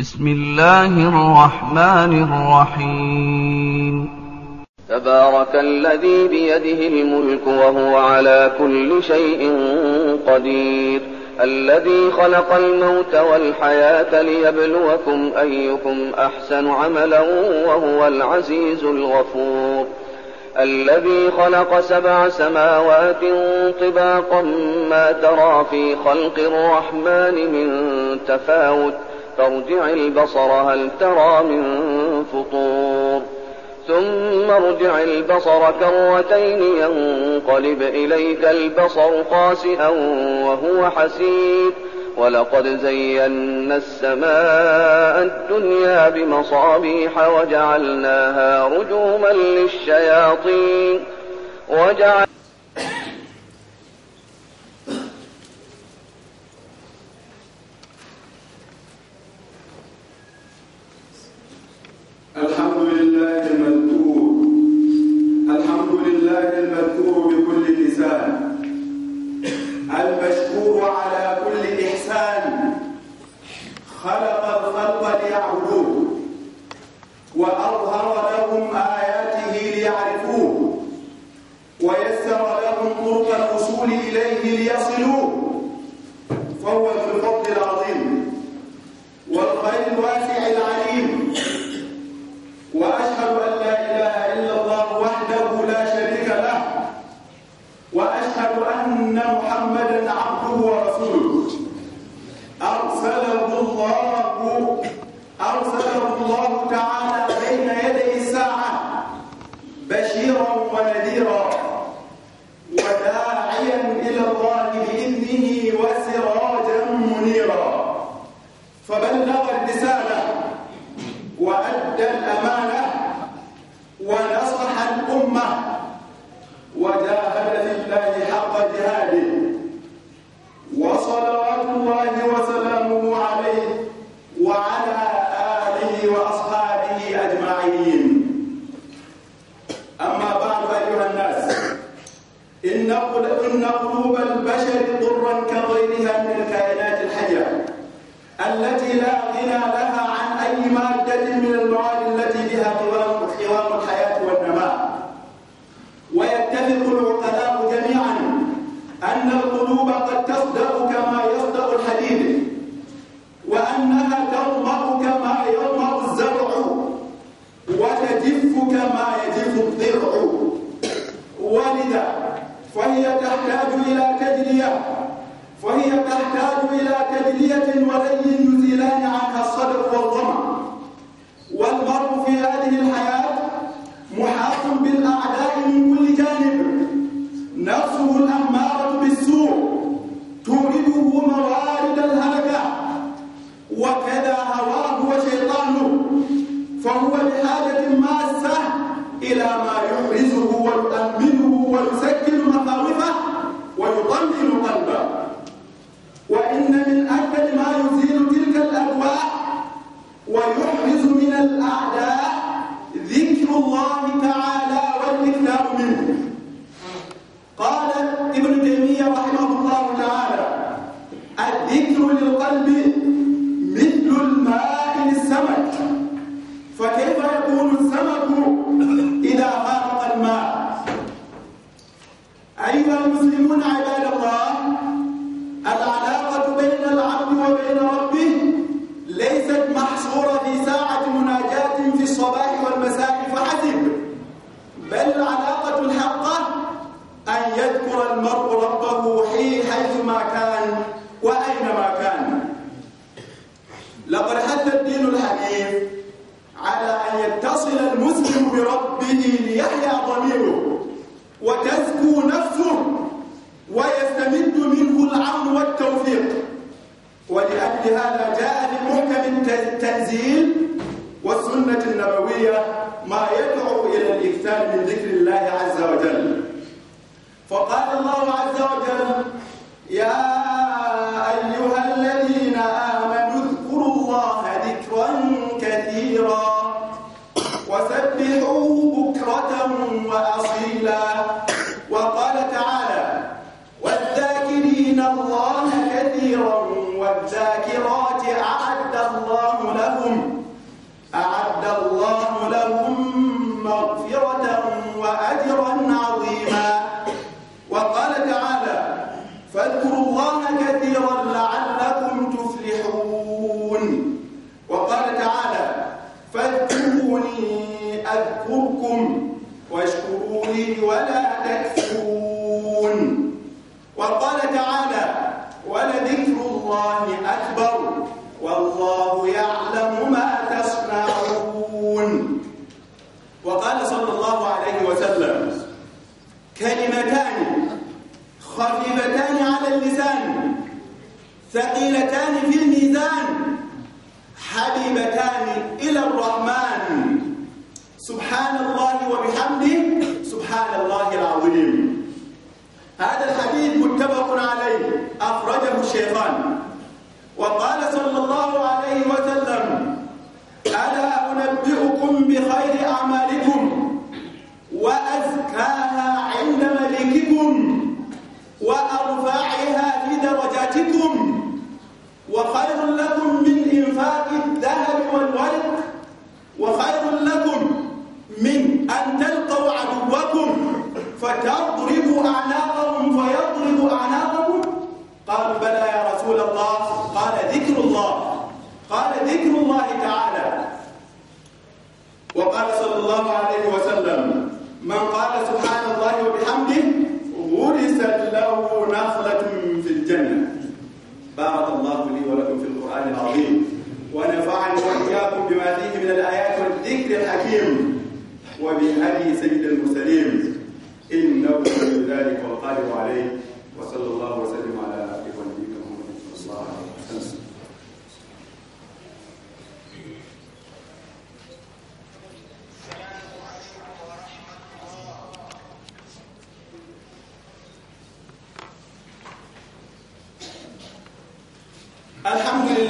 بسم الله الرحمن الرحيم تبارك الذي بيده الملك وهو على كل شيء قدير الذي خلق الموت والحياة ليبلوكم أيكم أحسن عملا وهو العزيز الغفور الذي خلق سبع سماوات طباقا ما ترى في خلق الرحمن من تفاوت فارجع البصر هل ترى من فطور ثم ارجع البصر كرتين ينقلب إليك البصر خاسئا وهو حسير ولقد زينا السماء الدنيا بمصابيح وجعلناها رجوما للشياطين وجعل الله المذكور بكل لسان المشكور على كل إحسان خلق الخلق ليعبدوه وأظهر لهم آياته ليعرفوه ويسر لهم طرق الوصول إليه ليصلوه فهو ذو الفضل العظيم والخير الواسع العليم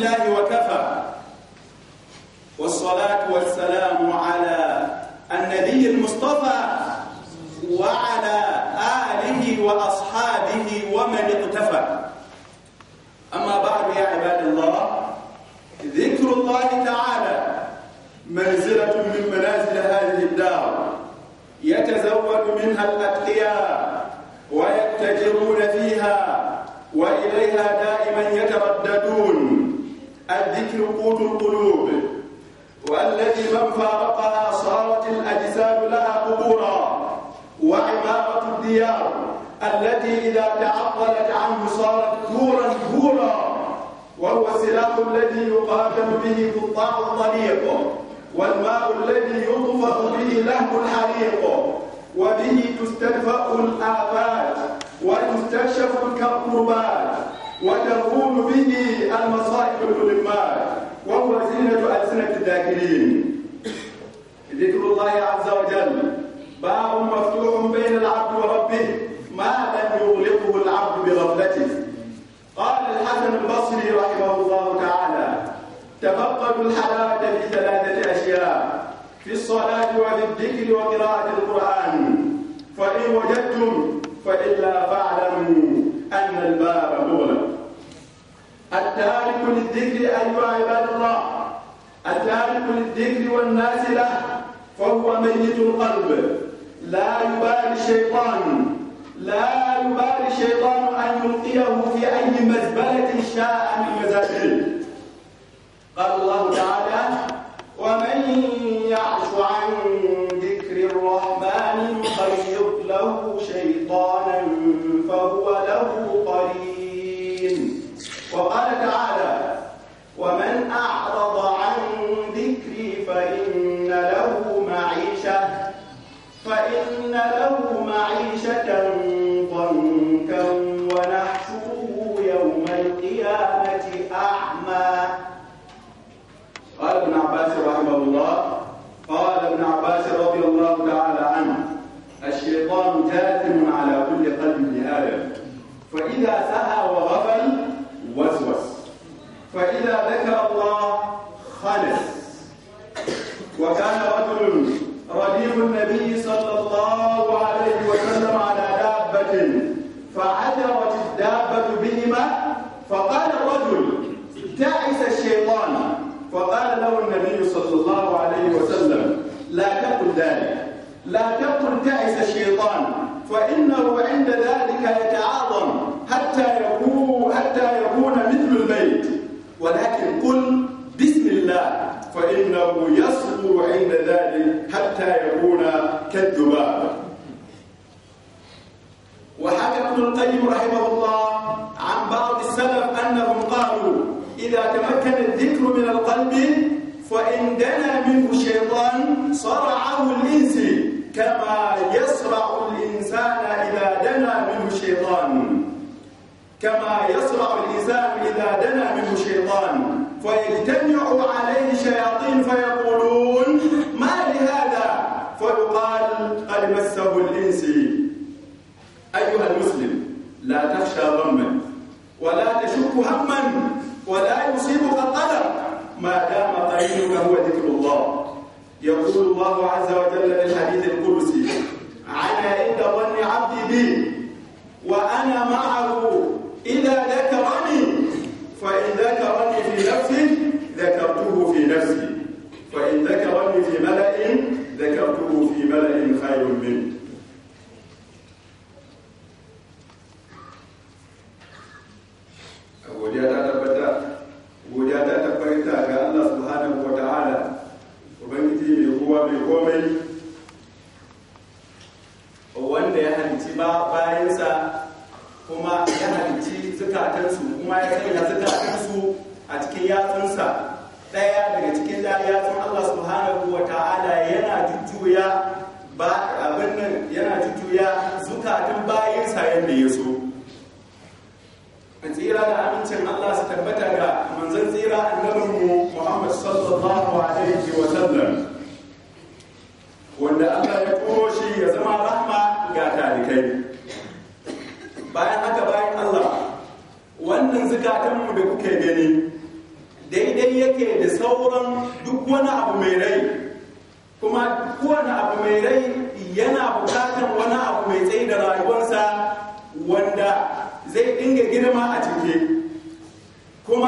بالله الله عز وجل باب مفتوح بين العبد وربه ما لم يغلقه العبد بغفلته قال الحسن البصري رحمه الله تعالى تفقدوا الحلاوة في ثلاثة أشياء في الصلاة وفي الذكر وقراءة القرآن فإن وجدتم فإلا فاعلموا أن الباب مغلق التارك للذكر أيها عباد الله التارك للذكر والناس له فهو ميت القلب لا يبالي الشيطان لا يبالي الشيطان أن يلقيه في أي مزبلة شاء من مزاجه قال الله تعالى ومن يعش عن قال ابن عباس رحمه الله قال ابن عباس رضي الله تعالى عنه الشيطان جاثم على كل قلب ابن آدم فإذا سهى وغفل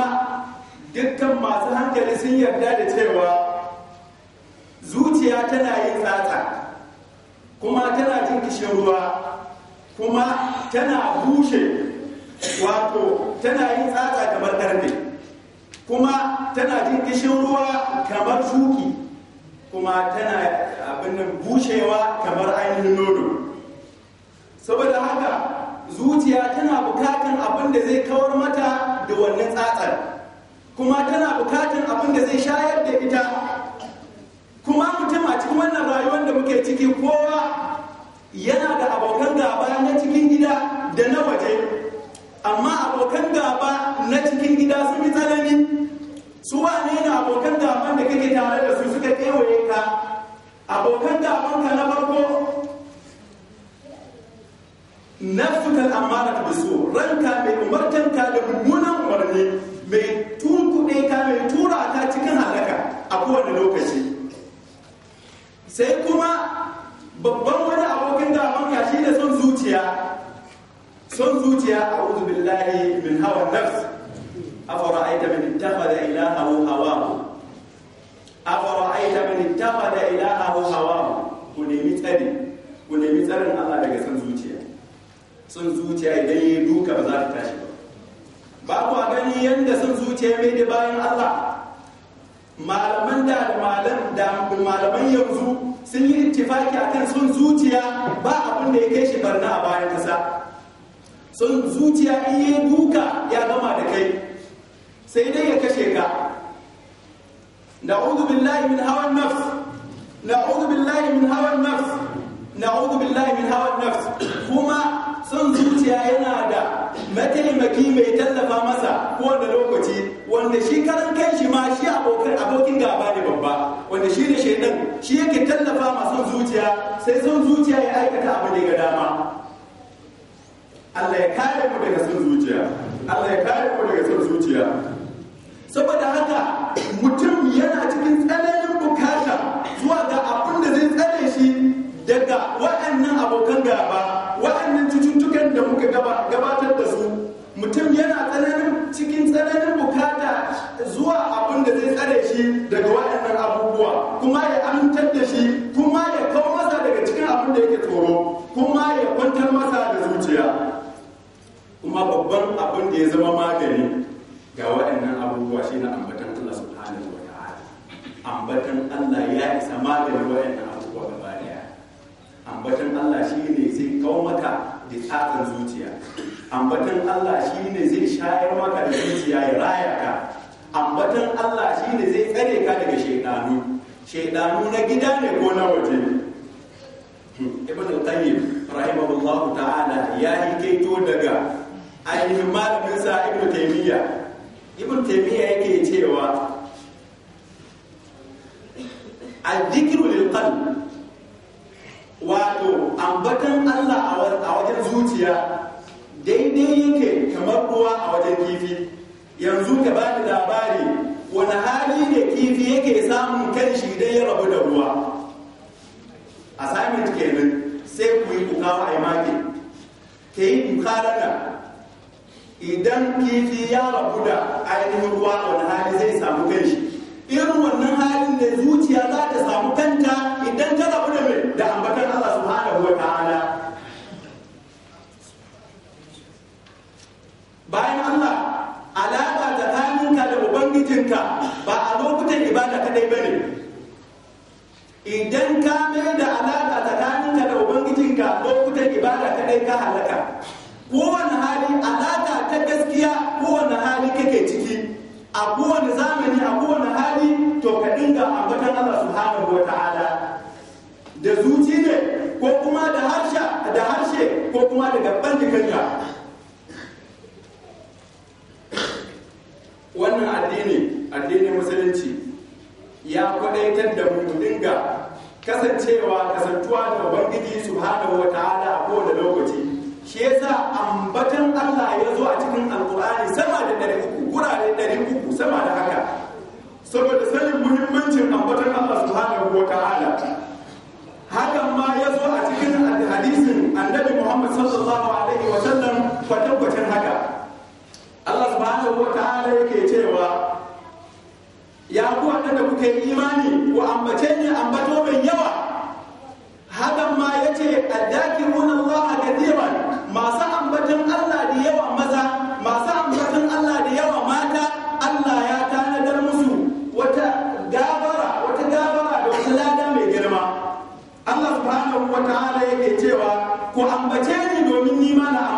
kuma dukkan masu hankali sun yarda da cewa zuciya tana yin tsatsa kuma tana jin ruwa kuma tana bushe wato tana yin tsatsa kamar karfe kuma tana jin ruwa kamar shuki kuma tana abin bushewa kamar ainihin nono saboda haka zuciya tana bukatan abin da zai kawar mata da wannan tsatsar kuma tana bukatan abin da zai shayar da ita kuma mutum a cikin wannan rayuwar da muke ciki kowa yana da abokan gaba na cikin gida da na waje amma abokan gaba na cikin gida sun yi tsanani su wane ne abokan gaban da kake tare da su suka kewaye ka abokan gaban ka na farko nafsukan amara da so ranka mai ka da mummunan umarni mai turkuɗe ka mai tura ka cikin halaka a kowane lokaci sai kuma babban wani abokin daman ka shi da son zuciya son zuciya a uzu billahi min hawan nafs afara'aita min ittakhadha ilahahu hawahu afara'aita min ittakhadha ilahahu hawahu ku nemi tsari ku nemi tsarin Sun zuciya idan ya duka ba za ta tashi ba ba ku a gani yadda sun zuciya mai da bayan Allah malaman da malam da malaman yanzu sun yi ittifaki akan sun zuciya ba abin da ya kai shi barna a bayan kasa Sun zuciya in ya duka ya gama da kai sai dai ya kashe ka na'udhu billahi min hawan nafs na'udhu billahi min hawan nafs na'udhu billahi min hawan nafs kuma son zuciya yana da mataimaki mai tallafa masa kowane lokaci wanda shi karan kanshi shi ma shi abokin abokin gaba ne babba wanda shi ne shaidan shi yake tallafa ma son zuciya sai son zuciya ya aikata abu da ga dama Allah ya kare mu daga son zuciya Allah ya kare mu daga son zuciya saboda haka mutum yana cikin gabatar da su mutum yana tsananin cikin tsananin bukata zuwa abin da zai tsare shi daga waɗannan abubuwa kuma ya amintar da shi kuma ya kawo masa daga cikin abin da yake tsoro kuma ya kwantar masa da zuciya kuma babban abin da ya zama magani ga waɗannan abubuwa shi na ambatan Allah subhanahu zuwa ta ambatan Allah ya isa maganin waɗannan abubuwa gaba daya ambatan Allah shi ne zai kawo maka da tsarin zuciya ambatan Allah shi ne zai shayar maka da zuciya ya raya ka ambatan Allah shi ne zai tsare ka daga shaidanu shaidanu na gida ne ko na waje ibn al-qayyim rahimahullahu ta'ala ya yi hikaito daga ainihin malamin sa ibn taymiya ibn taymiya yake cewa al-dhikru lil wato ambatan Allah a wajen zuciya daidai yake kamar ruwa a wajen kifi yanzu ka ba da labari wani hali ne kifi yake samun kan shi dai ya rabu da ruwa assignment kenan sai ku yi kuka wa maki ke yi kukarana idan kifi ya rabu da ainihin ruwa wani hali zai samu kan shi irin wannan halin da zuciya za ta samu kanta idan ta rabu da mai da ambatan bayan Allah alaƙa tsakaninka da ubangijinka ba a lokutan ibada kaɗai ba ne idan ka mai da alaƙa tsakaninka da ubangijinka lokutan ibada kaɗai, ka halaka kowane hali alaƙa ta gaskiya kowane hali kake ciki a kowane zamani a kowane hali to ka dinga ambatan Allah subhanahu wata'ala ta'ala da zuci ne ko kuma da harshe ko kuma da gaban jikinka wannan addini addinin musulunci ya kwadaitar da mu dinga kasancewa kasantuwa da ubangiji hada wa ta'ala a kowane lokaci shi yasa ambatan Allah ya zo a cikin alkur'ani sama da uku gurare uku sama da haka saboda sanin muhimmancin ambatan Allah subhanahu wa ta'ala hakan ma ya zo a cikin hadisin annabi Muhammad sallallahu alaihi wa sallam kwatankwacin haka Allah subhanahu wa ta'ala yake cewa ya ku da kuke imani ku ambace ni ambato mai yawa hakan ma yace a Allah kathiran masu ambatan Allah da yawa maza masu ambatan Allah da yawa mata Allah ya tanadar musu wata gabara wata gabara da wata lada mai girma Allah subhanahu wa ta'ala yake cewa ku ambace ni domin nima a na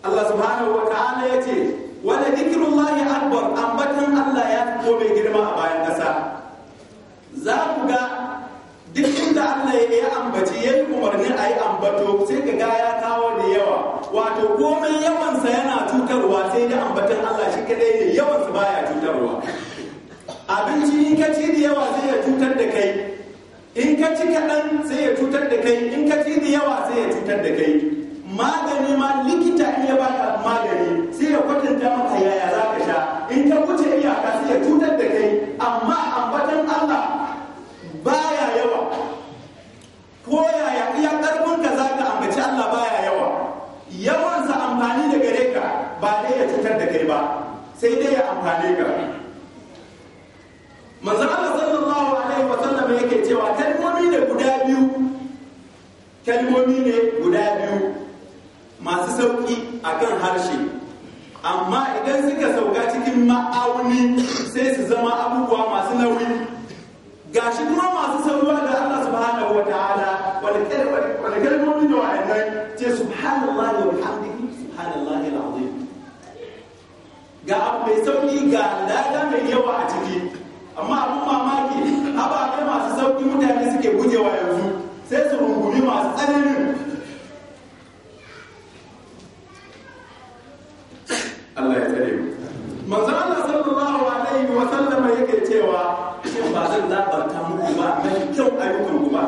Allah subhanahu wa ta'ala ya ce wani zikirullahi akbar ambatan Allah ya fito mai girma a bayan kasa. za ku ga duk inda Allah ya ambaci ya yi umarni a yi ambato sai ka ga ya kawo da yawa wato komai yawansa yana cutarwa sai da ambatan Allah shi kadai ne yawansa baya cutarwa abinci in ka ci da yawa sai ya cutar da kai in ka ci kaɗan sai ya cutar da kai in ka ci da yawa sai ya cutar da kai magani ma likita in ya baka magani sai ya kwatanta maka yaya za ka sha in ka wuce iyaka sai ya cutar da kai amma ambatan Allah baya yawa ko yaya iya karfin ka za ka ambaci Allah baya yawa yawansa amfani da gare ka ba dai ya cutar da kai ba sai dai ya amfane ka manzo Allah sallallahu alaihi wa sallam yake cewa kalmomi ne guda biyu kalmomi ne guda biyu masu sauƙi a kan harshe amma idan suka sauka cikin ma'auni sai su zama abubuwa masu nauyi gashi kuma masu sauwa da Allah subhanahu wa ta'ala wani kalmomi da wa'annan ce subhanallah wa bihamdihi subhanallah al-azim ga abu mai sauki ga lada mai yawa a ciki amma abu mamaki kai masu sauki mutane suke gujewa yanzu sai su rungumi masu tsananin Allah ya tsare mu manzo Allah sallallahu alaihi wa sallam yake cewa shin ba zan labarta muku ba mai kyau ayyukan ku ba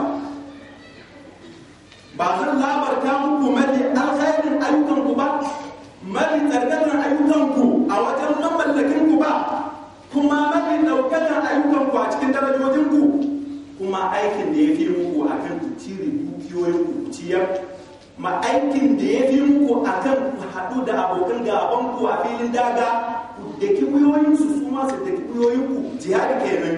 ba zan labarta muku mai alkhairin ayyukan ku ba mai tsarkakan ayyukan ku a wajen mamallakin ku ba kuma mai daukatan ayyukanku ku a cikin darajojin ku kuma aikin da ya fi muku kan ku cire dukiyoyin ku ciyar ma aikin da ya fi muku a kan ku haɗu da abokan gaban ku a filin daga ku da ki su su masu da ki kuyoyin ku jihadi kenan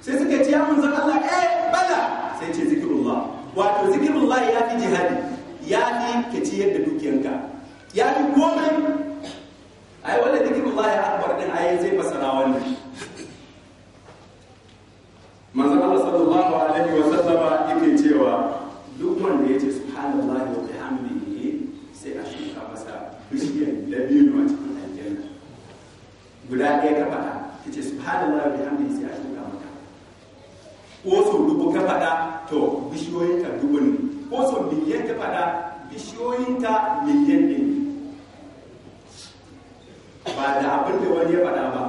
sai suka ce ya zan Allah eh bala sai ce zikirullah wato zikirullah ya fi jihadi ya fi ka ci yadda dukiyanka ya fi komai ai wanda zikirullah ya akbar din ai zai fasara wani manzon Allah sallallahu alaihi wa sallama yake cewa duk wanda yace subhanallahi guda ɗaya ka faɗa ta ce subhanallah bi hamdi sai a shuka maka ko sau dubu ka faɗa to bishiyoyin ka dubu ne ko sau miliyan ka faɗa bishiyoyin ka miliyan ne ba da abin da wani ya faɗa ba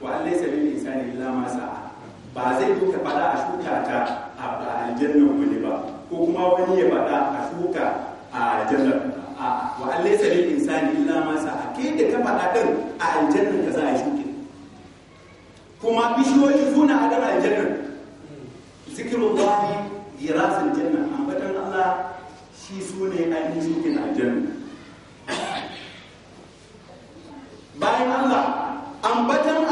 wa Allah ya sabi insani illa ma sa'a ba zai duka faɗa a shuka ta a aljannan wani ba ko kuma wani ya faɗa a shuka a aljannan a wa Allah ya sabi insani illa ma sa'a ke da ta faɗa ɗin a aljannan ka za a shuke kuma bishiyoyi suna a ɗan aljannan zikirun zafi girasin janna ambatan allah shi su ne ainihin na aljanna bayan allah ambatan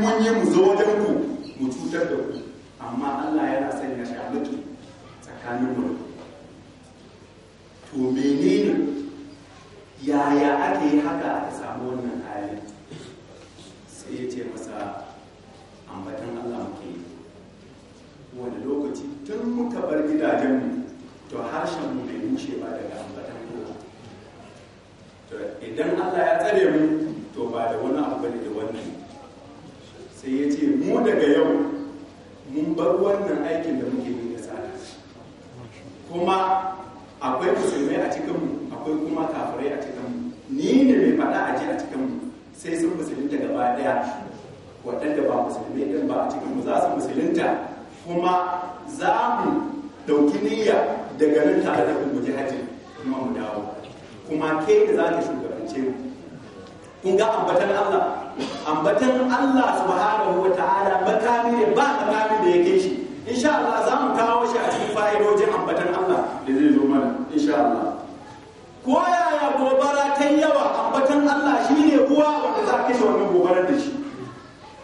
mun yi mu zo wajen ku mu cutar da ku amma Allah ya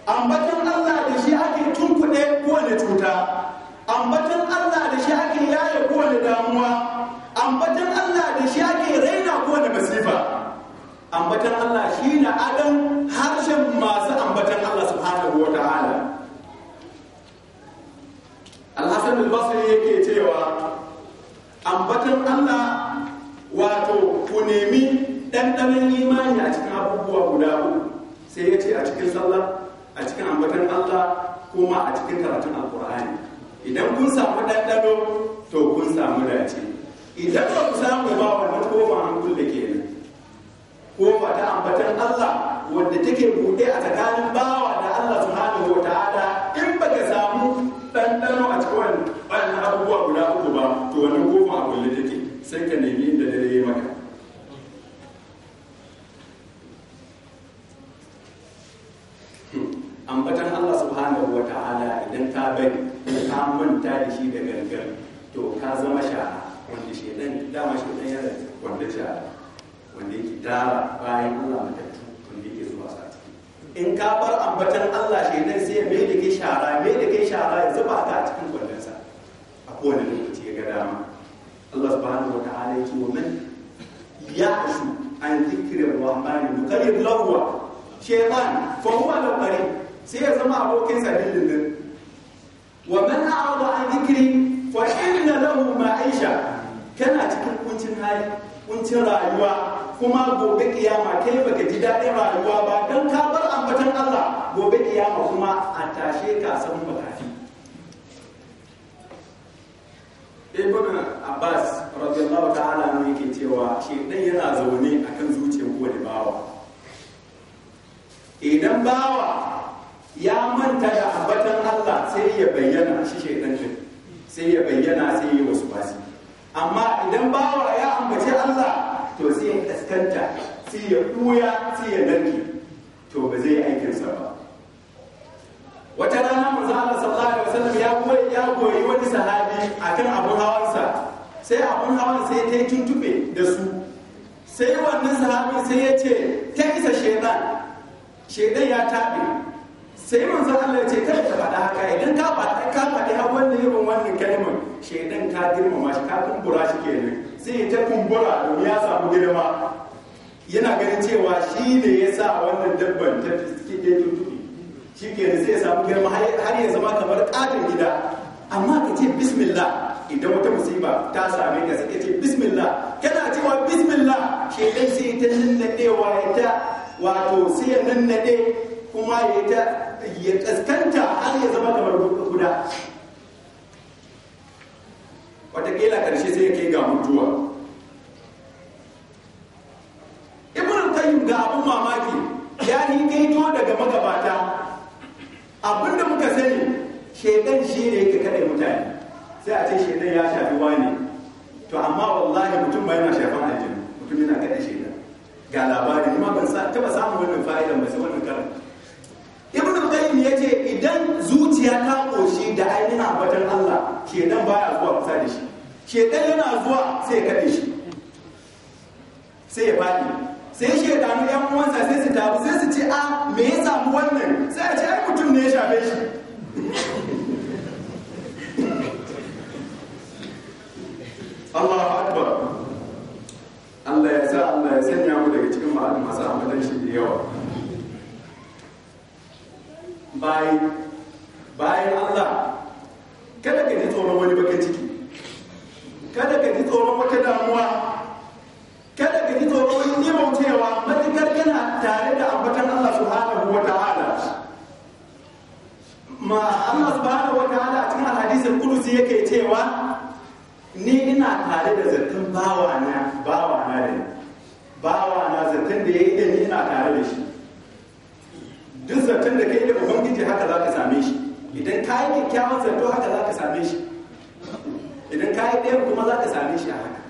Ambatan Allah da shi ake tunkuɗe kowane cuta ambatan Allah da shi ake yaya kowane damuwa ambatan Allah da shi ake raina kowane masifa ambatan Allah shi na adon harshen masu ambatan Allah subhanahu wa ta'ala Alhassan hassan yake cewa ambatan Allah wato ku nemi ɗanɗanon imani a cikin abubuwa guda sai ya ce a cikin sallah a cikin ambatan Allah kuma a cikin karatun alkur'ani idan kun samu ɗanɗano to kun samu dace idan ba ku samu ba wannan koma an kulle ko ba ta ambatan Allah wadda take buɗe a tsakanin bawa da Allah subhanahu wa ta'ala in baka samu ɗanɗano a cikin wannan abubuwa guda uku ba to wannan koma a kulle take sai ka nemi inda ambatan Allah subhanahu wa ta'ala idan ka bari ka manta da shi da gangan to ka zama shara. wanda shedan dama shedan yana wanda sha wanda yake tara bayan Allah matattu wanda yake zuwa sa in ka bar ambatan Allah shedan sai ya mai da kai shara mai da kai shara ya zuba ka a cikin kwandonsa a kowane lokaci ya ga dama Allah subhanahu wa ta'ala yake wa man ya'shu an dhikri rahmani yuqallib lahu shaytan fa huwa al sai ya zama abokin sa dindindin wa man a'rada an dhikri fa inna lahu ma'isha kana cikin kuncin hali kuncin rayuwa kuma gobe kiyama kai baka ji daɗin rayuwa ba dan ka bar ambaton Allah gobe kiyama kuma a tashe ka san makafi ibn abbas radiyallahu ta'ala ne yake cewa shi dan yana zaune akan zuciyar da bawa idan bawa ya manta da abatan Allah sai ya bayyana shi ɗan din sai ya bayyana sai ya wasu basi amma idan bawa ya ambaci Allah to sai ya kaskanta sai ya ɓuya sai ya narke to ba zai aikinsa ba wata rana mu Allah sallallahu alaihi wasallam ya goyi ya goyi wani sahabi akan abun hawansa sai abun hawan sai ta yi tuntube da su sai wannan sahabin sai ya ce ta isa shaidan shaidan ya taɓe sai manzo Allah ya ce kada ka faɗa haka idan ka faɗa ka faɗi har wannan irin wannan kalmar shaidan ka girmama shi ka kumbura shi kenan sai ta kumbura domin ya samu girma yana ganin cewa shi ne ya sa wannan dabban ta fiske ke tuntuɓe shi kenan sai ya samu girma har ya zama kamar ƙaton gida amma ka ce bismillah idan wata musiba ta same ka sai ka ce bismillah kana cewa bismillah shedan sai ta nannaɗewa ya ta wato sai ya nannaɗe kuma ya ta ya kaskanta har ya zama kamar guda watakila karshe sai ya kai ga mutuwa ibn qayyim ga abun mamaki ya yi gaito daga magabata abinda muka sani shedan shi ne yake kada mutane sai a ce shedan ya shafi wani to amma wallahi mutum ba yana shafan aljinu mutum yana kada shedan ga labari ma ban taɓa samun wannan fa'idan ba sai wannan karin. ibn qayyim yace idan zuciya ta koshi da ainihin abatan Allah ke nan baya zuwa kusa da shi ke shedan yana zuwa sai ya kade shi sai ya faɗi sai shi shedanu yan uwansa sai su tafi sai su ce a me ya samu wannan sai a ce ai mutum ne ya shafe shi Allahu akbar Allah ya sa Allah ya sanya mu daga cikin ma'adin masu amalan shi da yawa bayi bayan Allah kada ka ji tsoron wani baka ciki kada ka ji tsoron wata damuwa kada ka ji tsoron wani neman cewa matukar yana tare da ambatan Allah kuma ta hana ma Allah subhanahu wa hana a cikin alhadisin kudusi yake cewa ni ina tare da zartan bawa ka yi kyakkyawan zato haka za ka same shi idan ka yi ɗayan kuma za ka same shi a haka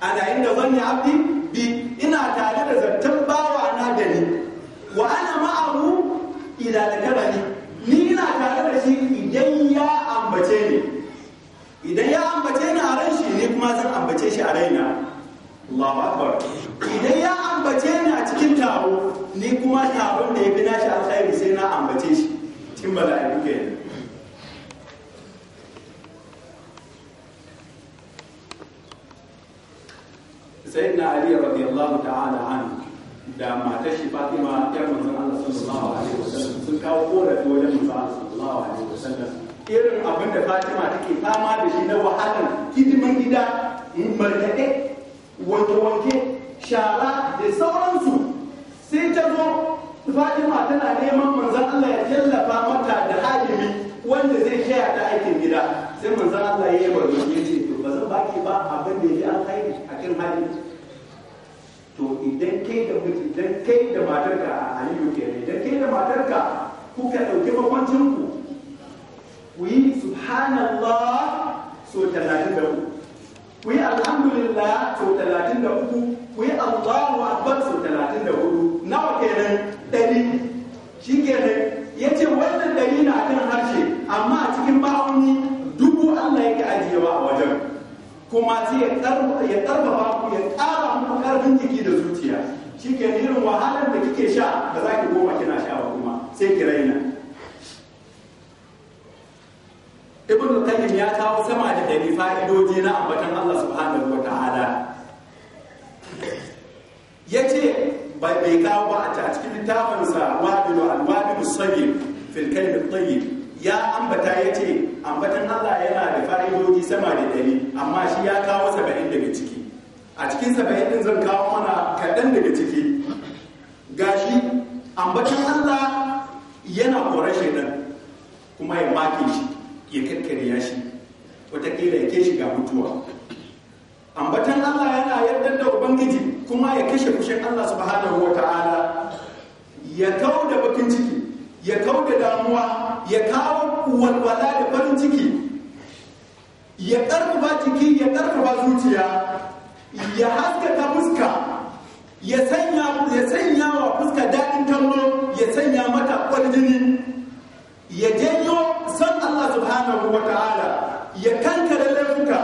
a yayin da yi abdi bi ina tare da zartan bawa na da ni wa ana ma'ahu ila da gabani ni ina tare da shi idan ya ambace ni idan ya ambace ni a ran shi ne kuma zan ambace shi a raina Allahu akbar idan ya ambace ni a cikin taro ni kuma taron da ya fi nashi alkhairi sai na ambace shi cikin kuke yi. sai na ali radiyallahu ta'ala an da mata shi fatima yar manzon Allah sallallahu alaihi wasallam sun kawo korafi wajen manzon Allah sallallahu alaihi wasallam irin abin da fatima take fama da shi na wahalar hidimin gida markaɗe wanke-wanke shara da sauransu sai ta zo Fatima tana neman manzan Allah ya tallafa mata da halimi wanda zai shaya ta aikin gida sai manzan Allah ya yi barzo ya ce ba abin da ya alkhairi a cikin hali to idan kai da miji idan kai da matarka a aliyu ke ne idan kai da matarka kuka ɗauki bakwancin ku ku yi subhanallah so talatin da uku ku yi alhamdulillah so talatin da uku ku yi allahu akbar so talatin da hudu nawa kenan ɗari shi kenan ya ce wannan ɗari na kan harshe amma a cikin ma'auni dubu allah yake ajiyewa a wajen kuma zai ya karfafa ku ya ƙara muku karfin jiki da zuciya shi ke irin wahalar da kike sha da za ki goma kina sha ba kuma sai ki raina ibn qayyim ya kawo sama da dari fa'idoji na ambatan Allah subhanahu wa ta'ala yace bai kawo ba a cikin littafinsa wabilu alwabilu sayyid fil kalim tayyib ya ambata ya ce ambatan Allah yana da fa'idoji sama da ɗari amma shi ya kawo saba'in daga ciki a cikin saba'in ɗin zan kawo mana kaɗan daga ciki gashi ambatan Allah yana kore shaidan kuma ya make shi ya ya shi wataƙila ya ke ga mutuwa ambatan Allah yana yarda da ubangiji kuma ya kashe kushin Allah subhanahu wa ta'ala ya kawo da bakin ciki ya kau da damuwa ya kawo walwala da farin ciki ya ƙarfafa jiki ya ba zuciya ya haskaka fuska ya sanya wa fuska daɗin kallo ya sanya mata jini ya janyo san Allah subhanahu wa ta'ala ya kankare laifuka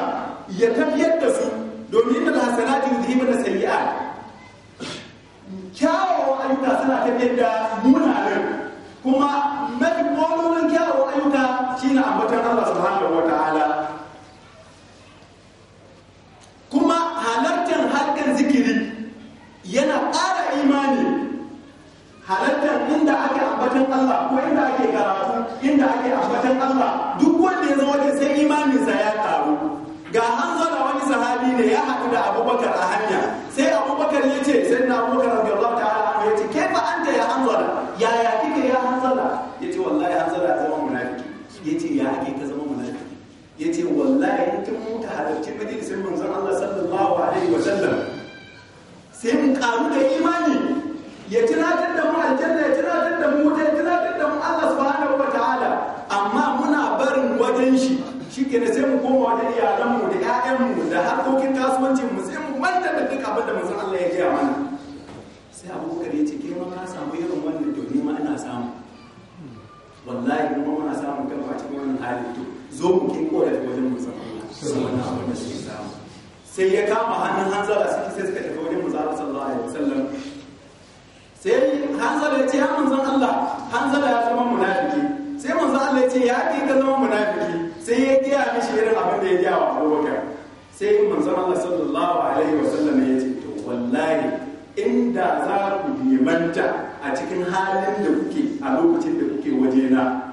ya tafiyar da su domin da hasanatu yuzhibu da sayyi'at kyawawan ayyuka suna tafiyar da munanan kuma mafi ƙwarorin kyawawan ayyuka shine ambaton Allah subhanahu wa kuma halartar harkar zikiri yana ƙara imani halartar inda ake ambaton Allah ko inda ake karatu inda ake ambaton Allah duk wanda ya zama wajen sai imaninsa ya karu ga an zo wani sahabi ne ya haɗu da abubakar a hanya sai abubakar ya ce sai na abubakar rabbi ta'ala ya ce anta ya ya ya ce wallahi tun muka halarci majalisin manzon Allah sallallahu alaihi wa sallam sai mun karu da imani ya tunatar da mu aljanna ya tunatar da mu wuta ya tunatar da mu Allah subhanahu wa ta'ala amma muna barin wajen shi shi ke sai mu koma wajen iyalanmu da ƴaƴanmu da harkokin kasuwancin mu sai mu manta da duk abin da manzon Allah ya ji mana sai abubakar ya ce ke ma na samu irin wannan to ni ma ina samu wallahi kuma muna samu kanmu a cikin wannan hali to zo mu kin kora da wajen musa sai ya kama hannun hanzala suke sai suka tafi wajen musa sallallahu alaihi wasallam sai hanzala ya ce ya manzon Allah hanzala ya zama munafiki sai manzon Allah ya ce ya ke ka zama munafiki sai ya gaya mishi irin abin da ya gaya wa Abubakar sai manzon Allah sallallahu alaihi wasallam ya ce to wallahi inda za ku nemanta a cikin halin da kuke a lokacin da kuke wajena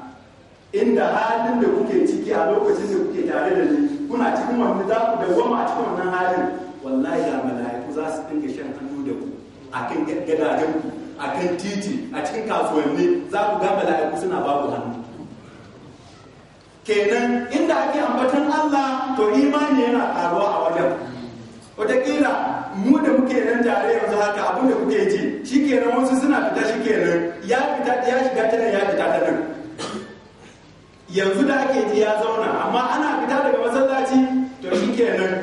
inda halin da kuke ciki a lokacin da kuke tare da ni kuna cikin wani za ku dawwama a cikin wannan halin wallahi ya mala'iku za su dinga shan hannu da ku a kan gadajen ku a kan titi a cikin kasuwanni za ku ga mala'iku suna babu ku hannu kenan inda ake ambaton Allah to imani yana karuwa a wajen wataƙila mu da muke nan tare yanzu haka abin da kuke ji shi kenan wasu suna fita shi kenan ya fita ya shiga ta ya fita ta nan yanzu da ake ji ya zauna amma ana fita daga masallaci to shi kenan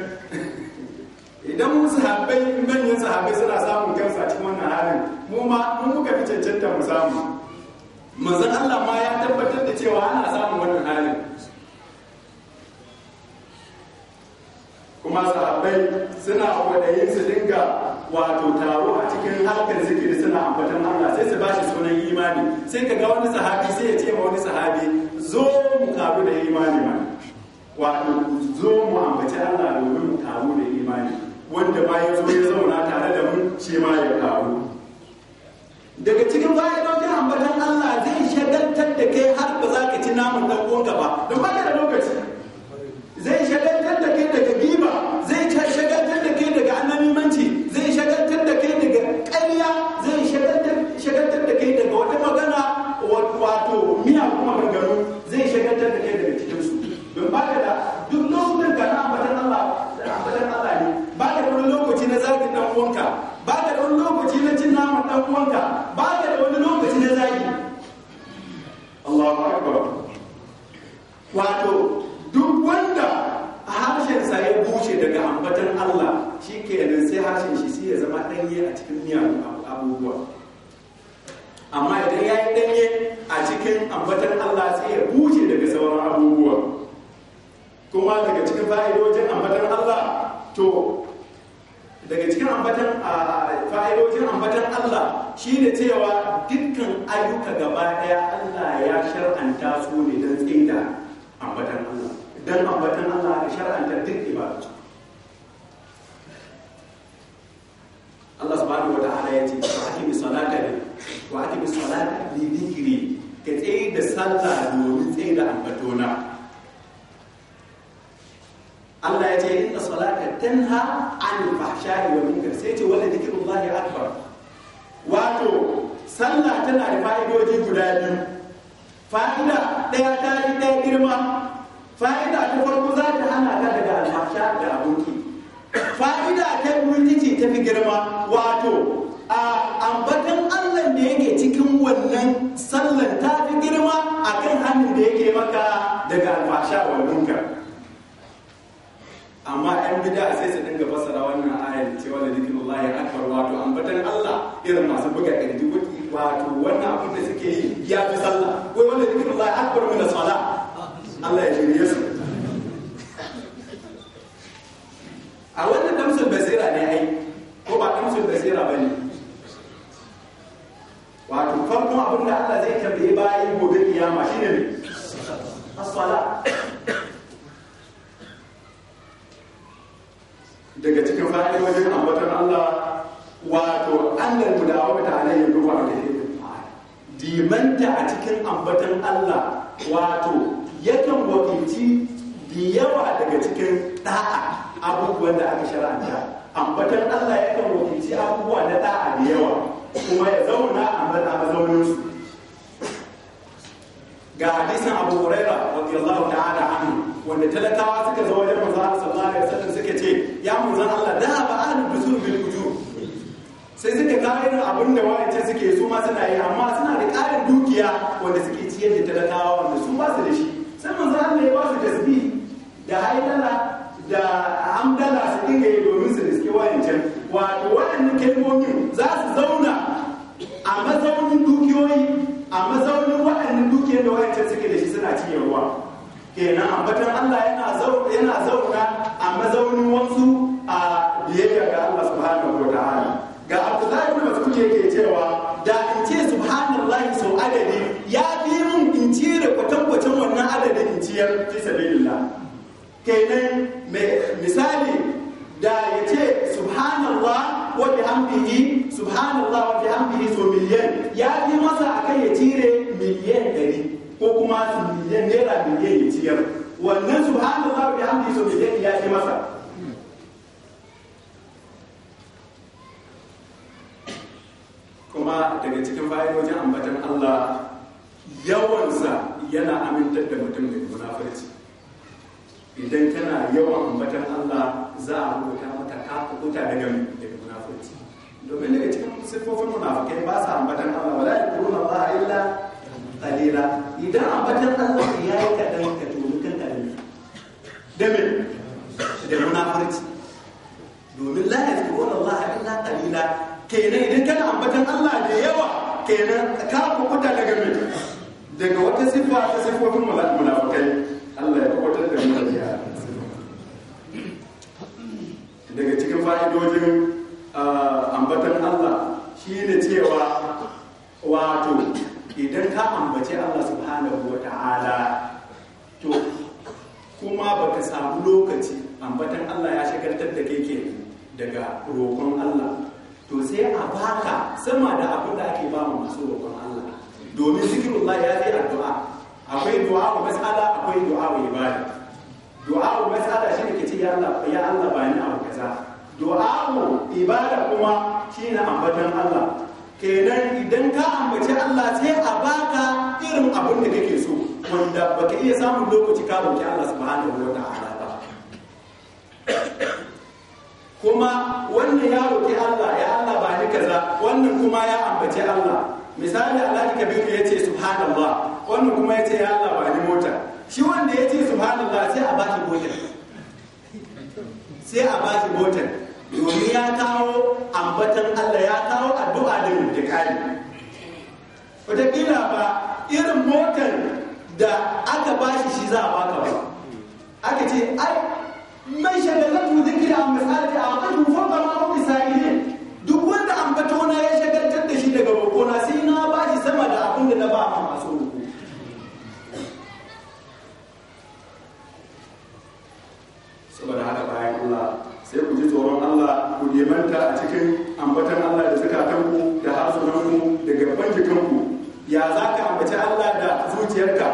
idan mu sahabbai manyan sahabbai suna samun kansa a cikin wannan halin mu ma mun muka fi cancanta mu samu manzon Allah ma ya tabbatar da cewa ana samun wannan halin kuma sahabbai suna wadayin su dinga wato taro a cikin harkar zikiri suna ambatan Allah sai su bashi sunan imani sai ka ga wani sahabi sai ya ce ma wani sahabi zo mu karu da imani ma wato zo mu ambaci Allah domin mu karu da imani wanda ba ya zo ya zauna tare da mu ce ma ya karu daga cikin fa'idodin ambatan Allah zai shagaltar da kai har ba za ka ci naman ɗan uwanka ba don ba da lokaci zai shagaltar da kai daga kuma daga cikin fa'idojin ambatan Allah to daga cikin ambatan fa'idojin ambatan Allah shine cewa dukkan ayyuka gaba daya Allah ya shar'anta su ne don tsaida ambatan Allah dan ambatan Allah ya shar'anta duk ibadu Allah subhanahu wa ta'ala ya ce wa bi salata li wa aqimi salata li dhikri ka da sallah domin da ambatona Allah ya ce inna salata tanha an fahsha'i wa munkar sai ce wala yi akbar wato sallah tana da fa'idoji guda biyu fa'ida ɗaya ta yi ɗaya girma fa'ida ta farko za ta hana ka daga alfasha da aboki fa'ida ta biyu ce ta fi girma wato a ambatan Allah da yake cikin wannan sallar ta fi girma akan hannun da yake maka daga alfasha wa munkar amma yan bid'a sai su dinga fassara wannan ayar cewa da zikrullahi akbar wato ambatan Allah irin masu buga kirji wato wannan abin da suke yi ya fi sallah wai wanda zikrullahi akbar mu as sala Allah ya shirye su a wannan damsun basira ne ai ko ba damsun basira bane wato farkon abin da Allah zai tambaye bayan gobe kiyama shine ne as-salah daga cikin wajen ambatan Allah wato annal mudawamata alayhi bi wa'dihi dimanta a cikin ambatan Allah wato yakan wakilci da yawa daga cikin da'a abubuwan da aka shara'anta Ambatan Allah yakan wakilci abubuwa na ɗa'a da yawa kuma ya zauna a mazauninsu ga hadisin abu huraira radiyallahu ta'ala anhu wanda talakawa suka zo wajen maza Allah sallallahu alaihi wasallam suka ce ya manzo Allah da ba an dusul bil sai suka kawo irin abin da wayance suke su ma suna yi amma suna da ƙarin dukiya wanda suke ciyar da talakawa wanda su ba su da shi sai manzo Allah ya ba su da haidala da amdala su dinga yi domin su riske wayancan wato wa'annan kalmomin za su zauna a mazaunin dukiyoyi a mazaunin wa'annan dukiyar da wa'ancan suke da shi suna ciyarwa kenan ambatan Allah yana yana zauna a mazaunin wasu a biyayya ga Allah subhanahu wa ta'ala ga Abdullahi ibn Mas'ud yake cewa da in ce subhanallahi sau adadi ya fi mun in cire kwatankwacin wannan adadin in ciyar fi sabilillah kenan misali da ya ce subhanallah wa bihamdihi subhanallah wa bihamdihi so miliyan ya fi masa akan ya cire miliyan naira miliyan ya ciyar wannan subhanallah bi hamdi so miliyan ya ce masa kuma daga cikin fa'idojin ambatan Allah yawansa yana amintar da mutum daga munafurci idan tana yawan ambatan Allah za a rubuta mata ka kuta daga munafurci domin daga cikin siffofin munafukai ba sa ambatan Allah wala yakuruna Allah illa kalila idan a ambatan Allah ya yi kaɗan ka tuni kan ka da me da munafurci domin la yazkurun Allah a illa qalila kenan idan kana ambatan Allah da yawa kenan ka kuɓuta daga me daga wata siffa ta siffofin munafukai Allah ya kuɓutar da mu daga cikin fa'idojin ah, ambatan Allah shi ne cewa wato idan ka ambaci Allah subhanahu wa ta'ala to kuma baka samu lokaci ambatan Allah ya shagaltar da kai ke daga roƙon Allah to sai a baka sama da abin da ake ba mu masu roƙon Allah domin zikirullah ya yi addu'a akwai du'a wa mas'ala akwai du'a wa ibada du'a wa mas'ala shi ne ce ya Allah ya Allah ba ni abu kaza du'a wa ibada kuma shine ambatan Allah kenan idan ka ambaci Allah sai a baka irin abin da kake so wanda baka iya samun lokaci ka roki Allah subhanahu wa ta'ala ba kuma wannan ya roki Allah ya Allah ba ni kaza wannan kuma ya ambaci Allah misali Alhaji Kabiru ya ce subhanallah wannan kuma ya ce ya Allah ba ni mota shi wanda ya ce subhanallah sai a bashi motar sai a baki motar domin ya kawo ambatan Allah ya kawo addu'a da intikali wataƙila ba irin motar da aka bashi shi za a baka ba aka ce ai mai shagalatu zikira a misali a kan ba ma yi ne duk wanda ambatona ya shagaltar da shi daga bakona sai na bashi sama da abin da na ba ma masu saboda haka bayan Allah sai ku ji tsoron Allah ku nemanta a cikin ambatan Allah da zukatanku da harsunanku da gaban jikanku ya za ka ambaci Allah da zuciyarka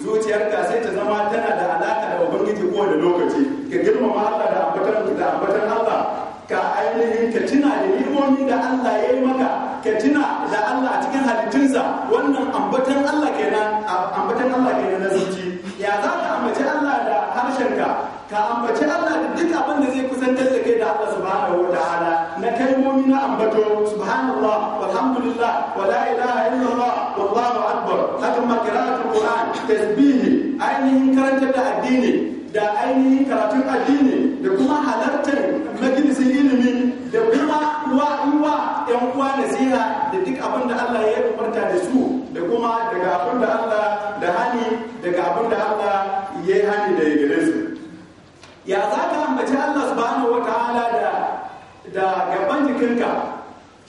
zuciyarka sai ta zama tana da alaka da ubangiji ko da lokaci ka girmama Allah da ambatan da ambatan Allah ka ainihin ka tuna da ni'imomi da Allah ya yi maka ka tuna da Allah a cikin halittunsa wannan ambatan Allah kenan ambatan Allah kenan na zuci ya za ka ka ambaci Allah da duk abin da zai kusantar da kai da Allah subhanahu wa ta'ala na kalmomi na ambato subhanallah walhamdulillah wa la ilaha illallah wallahu akbar hakan ma karatu qur'an tasbih ainihin karantar da addini da ainihin karatun addini da kuma halartar majalisin ilimi da kuma wa uwa yan uwa nasiha da duk abin da Allah ya umarta da su da kuma daga abin da Allah ya za ka ambaci Allah subhanahu wa ta'ala da da gaban jikinka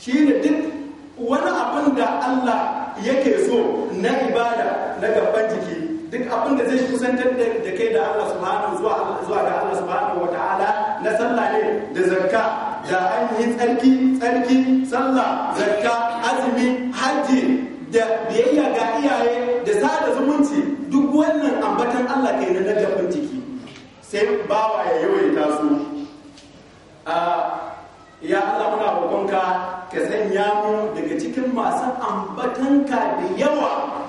shine duk wani abin da Allah yake so na ibada na gaban jiki duk abin da zai kusantar da kai da Allah subhanahu zuwa zuwa ga Allah subhanahu wa ta'ala na sallah ne da zakka da ainihin tsarki tsarki sallah zakka azumi hajji da biyayya ga iyaye da sada zumunci duk wannan ambatan Allah kai na gaban jiki sai bawa ya yawaita su ya Allah muna roƙonka ka sanya mu daga cikin masu ambatanka da yawa